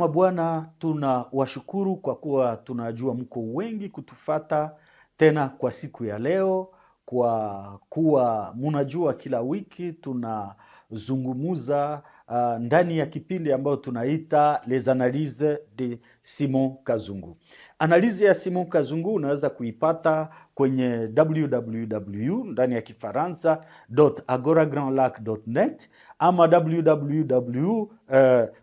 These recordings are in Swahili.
kama Bwana, tunawashukuru kwa kuwa tunajua mko wengi kutufata tena kwa siku ya leo, kwa kuwa munajua kila wiki tunazungumuza uh, ndani ya kipindi ambayo tunaita les analyses de Simon Kazungu. Analizi ya Simon Kazungu unaweza kuipata kwenye www ndani ya Kifaransa agoragrandlac.net ama www uh,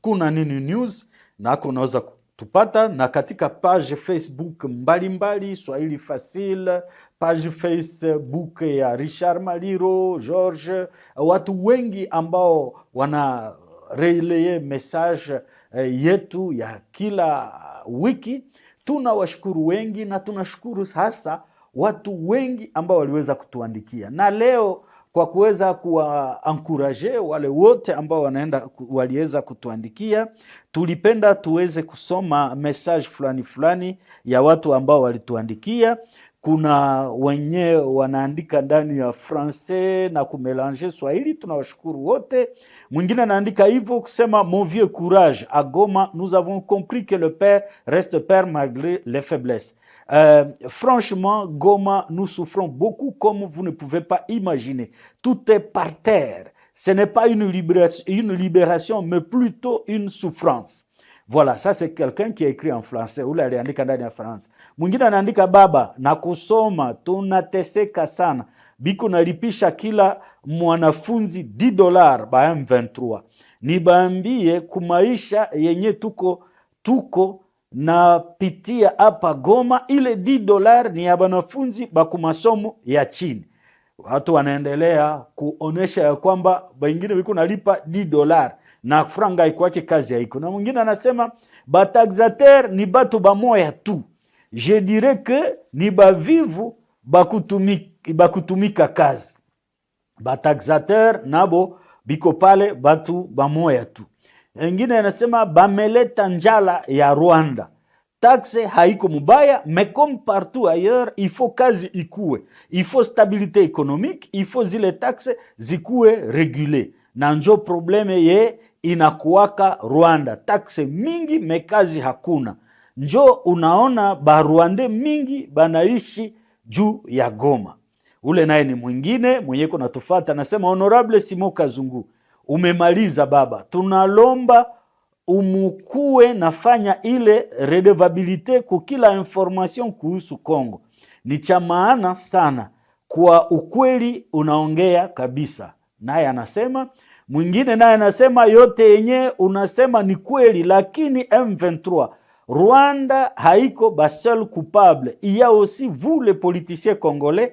kuna nini news nako unaweza kutupata na katika page Facebook mbalimbali mbali, Swahili Fasil, page Facebook ya Richard Maliro, George, watu wengi ambao wana relaye message eh, yetu ya kila wiki. Tuna washukuru wengi na tunashukuru hasa watu wengi ambao waliweza kutuandikia, na leo kwa kuweza kuwaankuraje wale wote ambao wanaenda waliweza kutuandikia. Tulipenda tuweze kusoma message fulani fulani ya watu ambao walituandikia. Kuna wenye wanaandika ndani ya francais na kumelange Swahili, tunawashukuru wote. Mwingine anaandika hivyo kusema, mon vieux courage agoma nous avons compris que le père reste père malgré les faiblesses Euh, franchement, Goma, nous souffrons beaucoup comme vous ne pouvez pas imaginer. Tout est par terre. Ce n'est pas une libération, mais plutôt une souffrance. Voilà, ça c'est quelqu'un qui a écrit en français. Ule l'a ndani en France. Mungina anaandika baba, na kusoma tunateseka sana. Biko nalipisha kila mwanafunzi 10 dollars ba M23. Nibaambie kumaisha yenye tuko tuko napitia hapa Goma, ile di dolar ni ya banafunzi bakumasomo ya chini. Watu wanaendelea kuonesha ya kwamba baingine wiko nalipa di dolar na franga ikwake kazi haiko, na mwingine anasema bataxateur ni batu bamoya tu, je dirais que ni bavivu bakutumika, bakutumika kazi. Bataxateur nabo biko pale batu bamoya tu. Ingine anasema bameleta njala ya Rwanda. Taxe haiko mubaya mais comme partout ailleurs il faut kazi ikue, il faut stabilité économique, il faut zile taxe zikue regule, na njo probleme ye inakuwaka Rwanda, taxe mingi mekazi hakuna. Njo unaona barwande mingi banaishi juu ya Goma. Ule naye ni mwingine mwenyeko natufata, anasema honorable Simo Kazungu umemaliza Baba, tunalomba umukue nafanya ile redevabilite kukila information kuhusu Kongo. Ni cha maana sana kwa ukweli, unaongea kabisa. Naye anasema mwingine, naye anasema yote yenye unasema ni kweli, lakini M23 Rwanda haiko basel coupable, il y a aussi vous les politiciens congolais,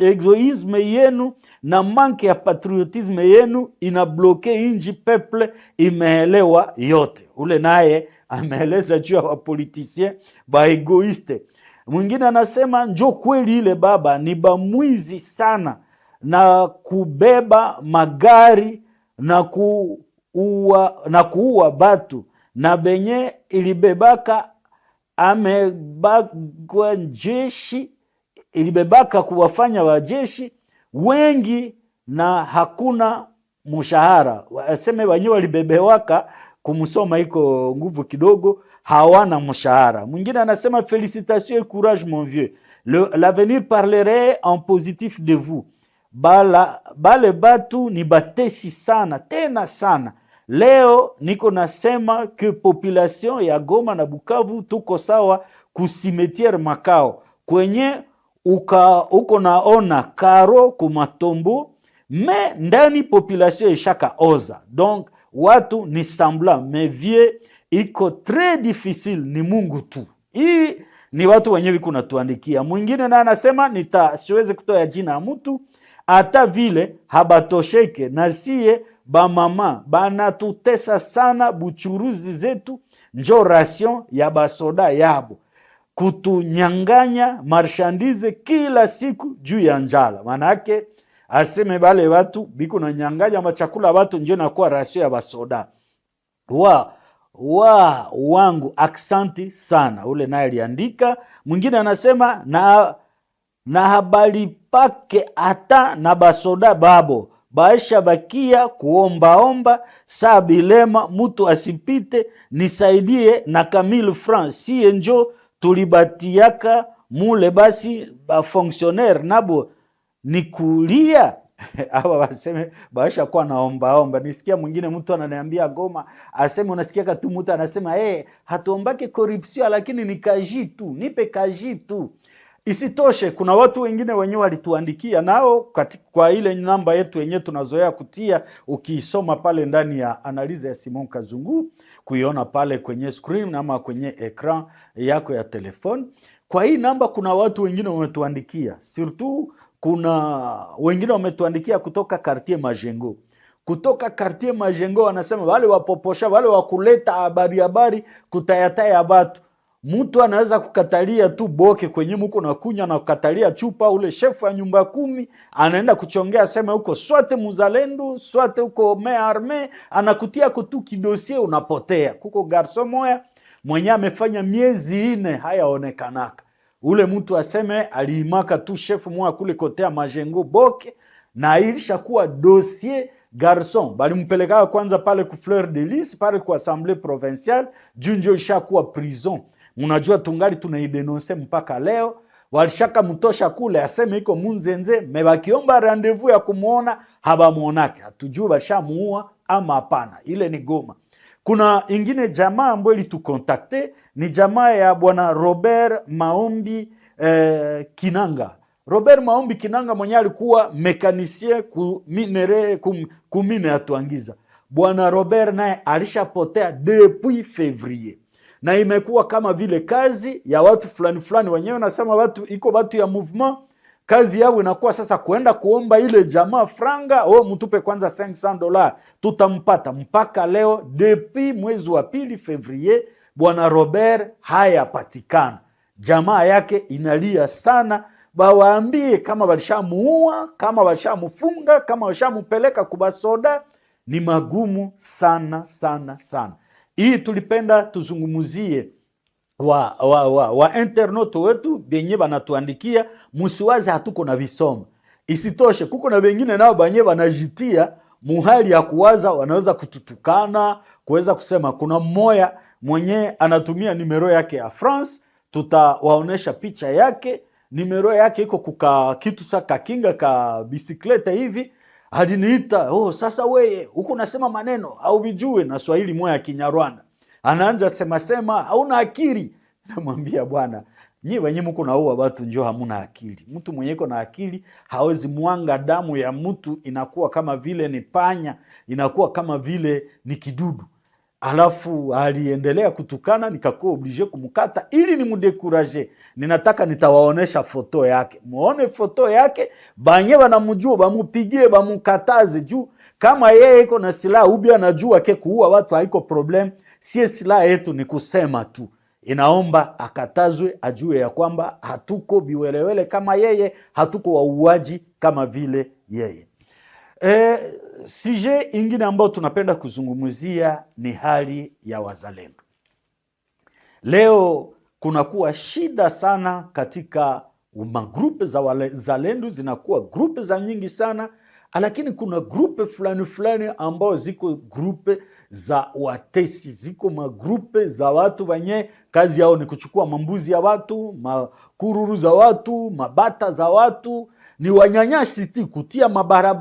egoisme yenu na manke ya patriotisme yenu inabloke inji, peple imeelewa yote. Ule naye ameeleza juu ya wapolitisien baegoiste. Mwingine anasema njo kweli ile baba ni bamwizi sana na kubeba magari na kuua, na kuua batu na benye ilibebaka amebagwa jeshi ilibebaka kuwafanya wajeshi wengi na hakuna mshahara. Waseme wenyewe walibebewaka kumsoma iko nguvu kidogo, hawana mshahara. Mwingine anasema felicitations et courage mon vieux l'avenir parlerait en positif de vous. Bala, bale batu ni batesi sana tena sana. Leo niko nasema ke population ya Goma na Bukavu tuko sawa kusimetiere makao kwenye uka uko naona karo kumatombo me ndani population ishaka oza, donc watu ni sambla mevie iko tre difficile, ni Mungu tu. Hii ni watu wenyewe kunatuandikia. Mwingine naye anasema nita siwezi kutoa jina ya mtu hata vile habatosheke, na sie bamama banatutesa sana, buchuruzi zetu njo ration ya basoda yabo kutunyang'anya marshandise kila siku juu ya njala. Maana yake aseme bale watu biko na nyang'anya machakula batu, na kuwa rasio ya basoda wa wa wangu. Aksanti sana, ule naye aliandika. Mwingine anasema na na habari pake hata na basoda babo baisha bakia kuombaomba saa bilema, mutu asipite, nisaidie na Kamil France si enjoy tulibatiaka mule basi bafonctionnaire nabo ni kulia awa baseme baisha kuwa naombaomba. Nisikia mwingine mtu ananiambia Goma aseme, unasikia tu mtu anasema hey, eh, hatuombake corruption lakini ni kaji tu, nipe kaji tu Isitoshe, kuna watu wengine wenyewe walituandikia nao kwa ile namba yetu yenyewe tunazoea kutia, ukiisoma pale ndani ya analiza ya Simon Kazungu, kuiona pale kwenye screen ama kwenye ekran yako ya telefone. Kwa hii namba kuna watu wengine wametuandikia, surtout kuna wengine wametuandikia kutoka Quartier Majengo kutoka Quartier Majengo wanasema wale wapoposha wale wakuleta habari habari kutayataya batu Mtu anaweza kukatalia tu boke kwenye mko na kunya na kukatalia chupa, ule shefu ya nyumba kumi anaenda kuchongea, sema huko swate muzalendo swate huko me arme, anakutia kutu kidosie, unapotea. Kuko garso moya mwenye amefanya miezi ine hayaonekanaka, ule mtu aseme aliimaka tu shefu moya kule kotea majengo boke, na ilishakuwa dosie Garson bali balimpelekaka kwanza pale ku Fleur de Lis pale ku Assemblée Provinciale, junjo njo ishakuwa prison mnajua tungali tunaidenonse mpaka leo. walishaka Walishakamtosha kule aseme iko munzenze mebakiomba randevu ya kumwona habamwonake, hatujui walishamuua ama hapana. Ile ni Goma. Kuna ingine jamaa ambayo ilitukontakte ni jamaa ya bwana Robert Maombi eh, Kinanga. Robert Maombi Kinanga mwenye alikuwa mekanisie kuminere kum, kumine atuangiza bwana Robert naye alishapotea depuis fevrier na imekuwa kama vile kazi ya watu fulani fulani, wenyewe nasema watu iko watu ya movement kazi yao inakuwa sasa kuenda kuomba ile jamaa franga, oh, mtupe kwanza 500 dola tutampata. Mpaka leo depi mwezi wa pili Fevrier, bwana Robert hayapatikana. Jamaa yake inalia sana, bawaambie kama walishamuua, kama walishamufunga, kama walishamupeleka kubasoda. Ni magumu sana sana sana. Hii tulipenda tuzungumuzie wa, wa, wa, wa internet wetu benye banatuandikia, musiwazi hatuko na visoma. Isitoshe kuko na wengine nao banye banajitia muhali ya kuwaza, wanaweza kututukana, kuweza kusema. Kuna mmoya mwenye anatumia nimero yake ya France, tutawaonesha picha yake. Nimero yake iko kuka kitu sa kakinga ka bisikleta hivi aliniita oh, sasa weye huku unasema maneno vijue na Swahili moya ya Kinyarwanda, anaanja semasema hauna akili. Namwambia bwana, nyi wenye mko naua watu njo hamuna akili. Mtu iko na akili hawezi mwanga damu ya mtu, inakuwa kama vile ni panya, inakuwa kama vile ni kidudu alafu aliendelea kutukana, nikakuwa oblige kumkata ili nimudekuraje. Ninataka nitawaonesha foto yake, muone foto yake, banye banamujua bamupigie, bamukataze juu kama yeye iko na silaha ubi anajua ke kuua watu haiko problem. Sie silaha yetu ni kusema tu, inaomba akatazwe, ajue ya kwamba hatuko biwelewele kama yeye, hatuko wauaji kama vile yeye. E, sije ingine ambayo tunapenda kuzungumzia ni hali ya wazalendo. Leo kunakuwa shida sana katika magrupe za wazalendo, zinakuwa grupe za nyingi sana lakini kuna grupe fulani fulani ambao ziko grupe za watesi, ziko magrupe za watu wenye kazi yao ni kuchukua mambuzi ya watu, makururu za watu, mabata za watu ni wanyanyasi ti, kutia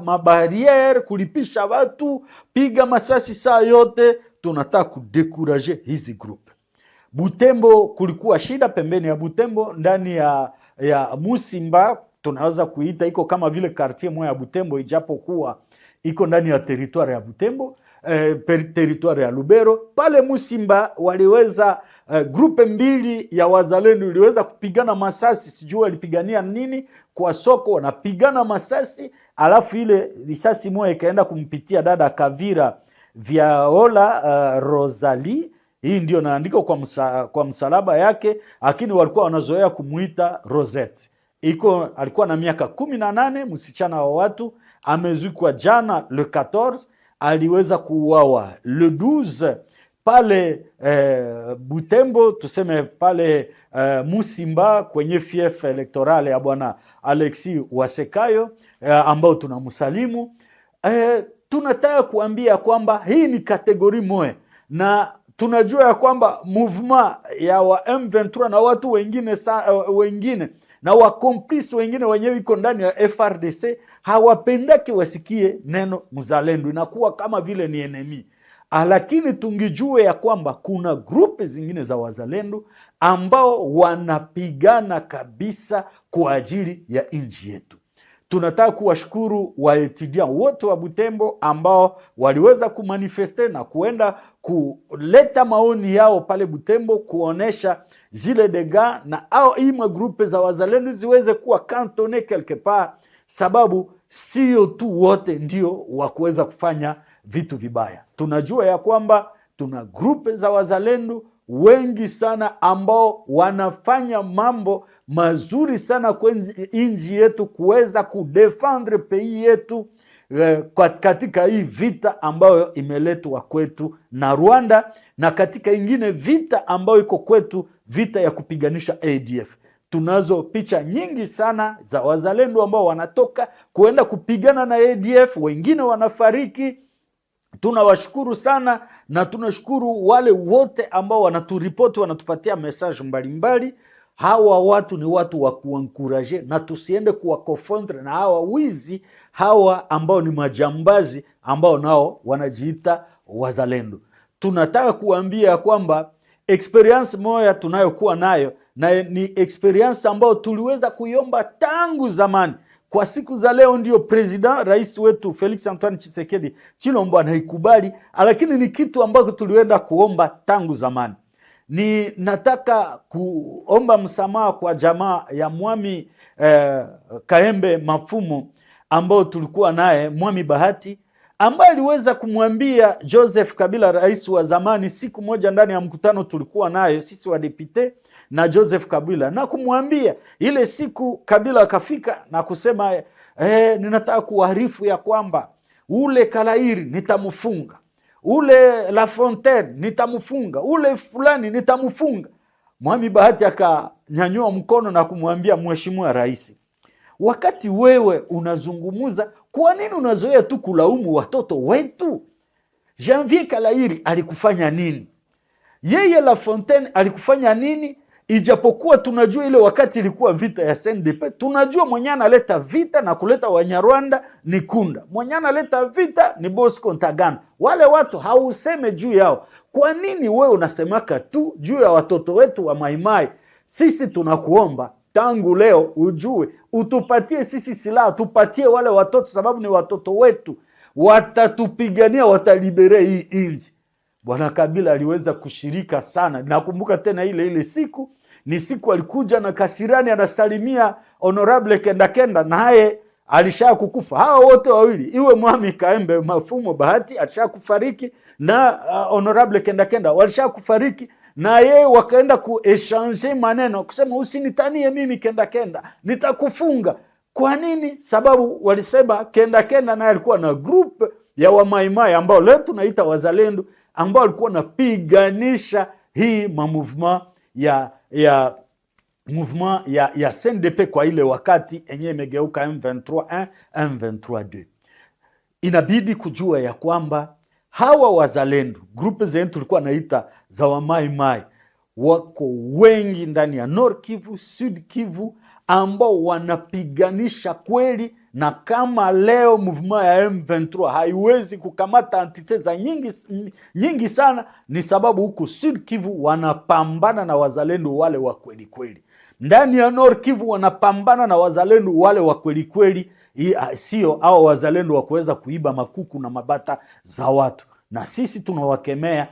mabariere, kulipisha watu, piga masasi saa yote. Tunataka kudekuraje hizi group. Butembo kulikuwa shida pembeni ya Butembo, ndani ya, ya Musimba tunaweza kuita iko kama vile kartie moya ya Butembo, ijapokuwa iko ndani ya teritwari ya Butembo, eh, territoire ya Lubero pale Musimba waliweza eh, grupe mbili ya wazalendo iliweza kupigana masasi, sijui walipigania nini kwa soko, wanapigana masasi, alafu ile risasi moja ikaenda kumpitia dada Kavira Vyaola uh, eh, Rosali hii ndio naandika kwa, msa, kwa msalaba yake, lakini walikuwa wanazoea kumuita Rosette. Iko alikuwa na miaka kumi na nane, msichana wa watu amezikwa jana le 14 aliweza kuuawa le 12 pale eh, Butembo tuseme pale eh, Musimba kwenye fief electoral ya bwana Alexi Wasekayo eh, ambao tunamsalimu eh, tunataka kuambia kwamba hii ni kategori moe na tunajua ya kwamba movement ya wa M23 na watu wengine sa, eh, wengine na wakomplisi wengine wenyewe iko ndani ya FRDC hawapendaki wasikie neno mzalendo, inakuwa kama vile ni enemi. Ah, lakini tungijue ya kwamba kuna grupu zingine za wazalendo ambao wanapigana kabisa kwa ajili ya nchi yetu tunataka kuwashukuru waetidia wote wa Butembo ambao waliweza kumanifeste na kuenda kuleta maoni yao pale Butembo, kuonesha zile dega na au ima grupe za wazalendo ziweze kuwa kantone quelque part, sababu sio tu wote ndio wa kuweza kufanya vitu vibaya. Tunajua ya kwamba tuna grupe za wazalendo wengi sana ambao wanafanya mambo mazuri sana kwa nchi yetu kuweza kudefendre pei yetu eh, katika hii vita ambayo imeletwa kwetu na Rwanda na katika ingine vita ambayo iko kwetu, vita ya kupiganisha ADF. Tunazo picha nyingi sana za wazalendo ambao wanatoka kuenda kupigana na ADF, wengine wanafariki. Tunawashukuru sana na tunashukuru wale wote ambao wanaturipoti, wanatupatia message mbalimbali mbali hawa watu ni watu wa kuankuraje na tusiende kuwakonfrontre na hawa wizi hawa ambao ni majambazi ambao nao wanajiita wazalendo. Tunataka kuambia kwamba experience moja tunayokuwa nayo na ni experience ambayo tuliweza kuiomba tangu zamani. Kwa siku za leo ndio president rais wetu Felix Antoine chisekedi Chilombo anaikubali, lakini ni kitu ambacho tulienda kuomba tangu zamani ni nataka kuomba msamaha kwa jamaa ya Mwami eh, Kaembe Mafumo ambao tulikuwa naye Mwami Bahati ambaye aliweza kumwambia Joseph Kabila, rais wa zamani, siku moja ndani ya mkutano tulikuwa naye sisi wa wadepite na Joseph Kabila, na kumwambia ile siku Kabila akafika na kusema eh, ninataka kuarifu ya kwamba ule Kalairi nitamfunga ule La Fontaine nitamfunga, ule fulani nitamfunga. Mwami Bahati akanyanyua mkono na kumwambia Mheshimiwa Rais, wakati wewe unazungumuza, kwa nini unazoea tu kulaumu watoto wetu? Janvier Kalairi alikufanya nini? Yeye La Fontaine alikufanya nini? ijapokuwa tunajua ile wakati ilikuwa vita ya SNDP, tunajua mwenye analeta vita na kuleta Wanyarwanda ni Kunda, mwenye analeta vita ni Bosco Ntaganda. Wale watu hauseme juu yao. Kwa nini we unasemaka tu juu ya watoto wetu wa Maimai? Sisi tunakuomba tangu leo ujue, utupatie sisi silaha, tupatie wale watoto, sababu ni watoto wetu, watatupigania, watalibere hii inji. Bwana Kabila aliweza kushirika sana. Nakumbuka tena ile ile siku ni siku alikuja na kasirani anasalimia Honorable kenda naye alisha kukufa. Hawa wote wawili, iwe Mwami Kaembe Mafumo Bahati alisha kufariki na uh, Honorable kenda walisha kufariki na yeye wakaenda kuechange maneno kusema usinitanie mimi Kendakenda, nitakufunga. Kwa nini? Sababu walisema kenda naye alikuwa na group ya wamaimai ambao leo tunaita wazalendo ambao alikuwa napiganisha hii ma ya ya mouvement ya, ya CNDP kwa ile wakati enye imegeuka M23 1 M23 2. Inabidi kujua ya kwamba hawa wazalendo grupu zenye tulikuwa naita za wamaimai wako wengi ndani ya Nord Kivu, Sud Kivu ambao wanapiganisha kweli, na kama leo movement ya M23 haiwezi kukamata antiteza nyingi, nyingi sana, ni sababu huku Sud Kivu wanapambana na wazalendo wale wa kweli kweli, ndani ya Nord Kivu wanapambana na wazalendo wale wa kweli kweli, sio au wazalendo wa kuweza kuiba makuku na mabata za watu, na sisi tunawakemea,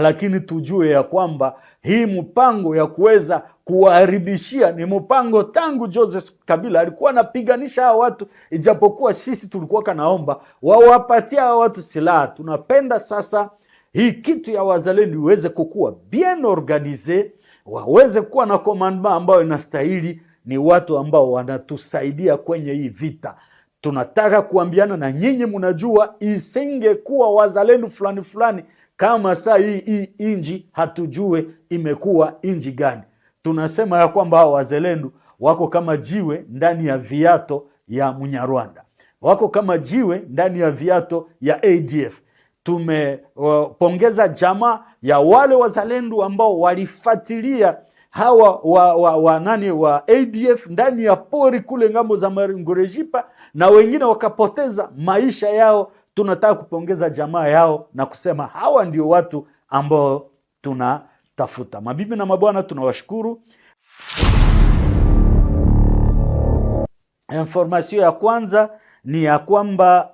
lakini tujue ya kwamba hii mpango ya kuweza kuwaaribishia ni mpango tangu Joseph Kabila alikuwa anapiganisha hawa watu, ijapokuwa sisi tulikuwa kanaomba wawapatia hawa watu silaha. Tunapenda sasa hii kitu ya wazalendo iweze kukua bien organize, waweze kuwa na komanda ambayo inastahili, ni watu ambao wanatusaidia kwenye hii vita. Tunataka kuambiana na nyinyi, mnajua isingekuwa wazalendo fulani fulani kama saa hii hii inji hatujue imekuwa inji gani tunasema ya kwamba hao wazelendo wako kama jiwe ndani ya viato ya Mnyarwanda, wako kama jiwe ndani ya viato ya ADF. Tumepongeza uh, jamaa ya wale wazalendo ambao walifatilia hawa wa, wa, wa, nani wa ADF ndani ya pori kule ngambo za Marungurejipa na wengine wakapoteza maisha yao. Tunataka kupongeza jamaa yao na kusema hawa ndio watu ambao tuna tafuta. Mabibi na mabwana, tunawashukuru. Informasio ya kwanza ni ya kwamba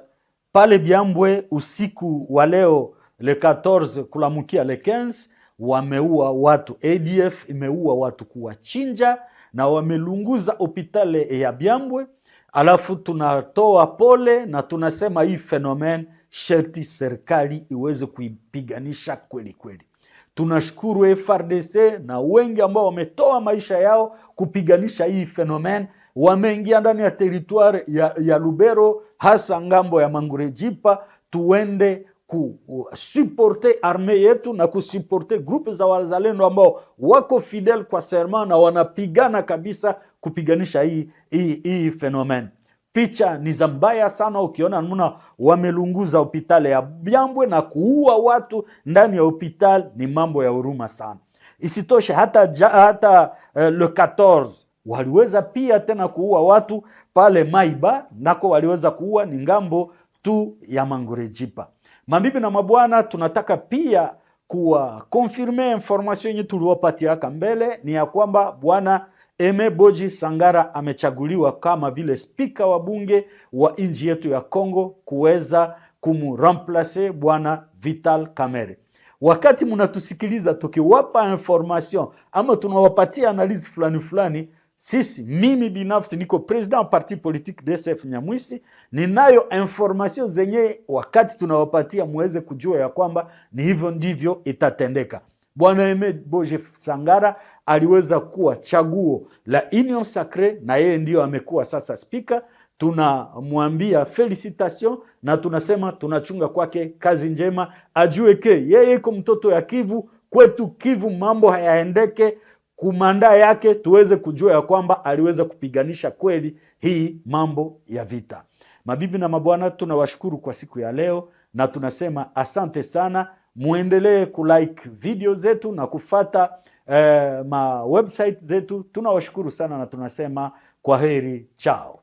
uh, pale Byambwe usiku wa leo le 14 kulamukia le 15 wameua watu, ADF imeua watu kuwachinja na wamelunguza hopitale ya Byambwe. Alafu tunatoa pole na tunasema hii fenomene sherti serikali iweze kuipiganisha kweli kweli. Tunashukuru FRDC na wengi ambao wametoa maisha yao kupiganisha hii fenomen, wameingia ndani ya teritwari ya, ya Lubero, hasa ngambo ya Mangurejipa. Tuende kusuporte arme yetu na kusuporte grupe za wazalendo ambao wako fidel kwa serma na wanapigana kabisa kupiganisha hii, hii, hii fenomen picha ni za mbaya sana. Ukiona namna wamelunguza hospitali ya Byambwe na kuua watu ndani ya hospitali, ni mambo ya huruma sana. Isitoshe hata, ja, hata uh, le 14 waliweza pia tena kuua watu pale Maiba nako waliweza kuua, ni ngambo tu ya Mangurejipa. Mabibi na mabwana, tunataka pia kuwa konfirme information yenye tuliwapatiaka mbele ni ya kwamba bwana boji Sangara amechaguliwa kama vile spika wa bunge wa nchi yetu ya Kongo kuweza kumremplace bwana Vital Kamerhe. Wakati mnatusikiliza tukiwapa information ama tunawapatia analizi fulani fulani, sisi mimi binafsi niko president parti politique DCF Nyamwisi, ninayo information zenye wakati tunawapatia muweze kujua ya kwamba ni hivyo ndivyo itatendeka. Bwana Ahmed Boje Sangara aliweza kuwa chaguo la Union Sacre, na yeye ndiyo amekuwa sasa spika. Tunamwambia felicitation na tunasema tunachunga kwake kazi njema, ajue ke yeye iko mtoto ya Kivu. Kwetu Kivu mambo hayaendeke kumanda yake, tuweze kujua ya kwamba aliweza kupiganisha kweli hii mambo ya vita. Mabibi na mabwana, tunawashukuru kwa siku ya leo na tunasema asante sana muendelee kulike video zetu na kufata eh, ma website zetu. Tunawashukuru sana na tunasema kwa heri, chao.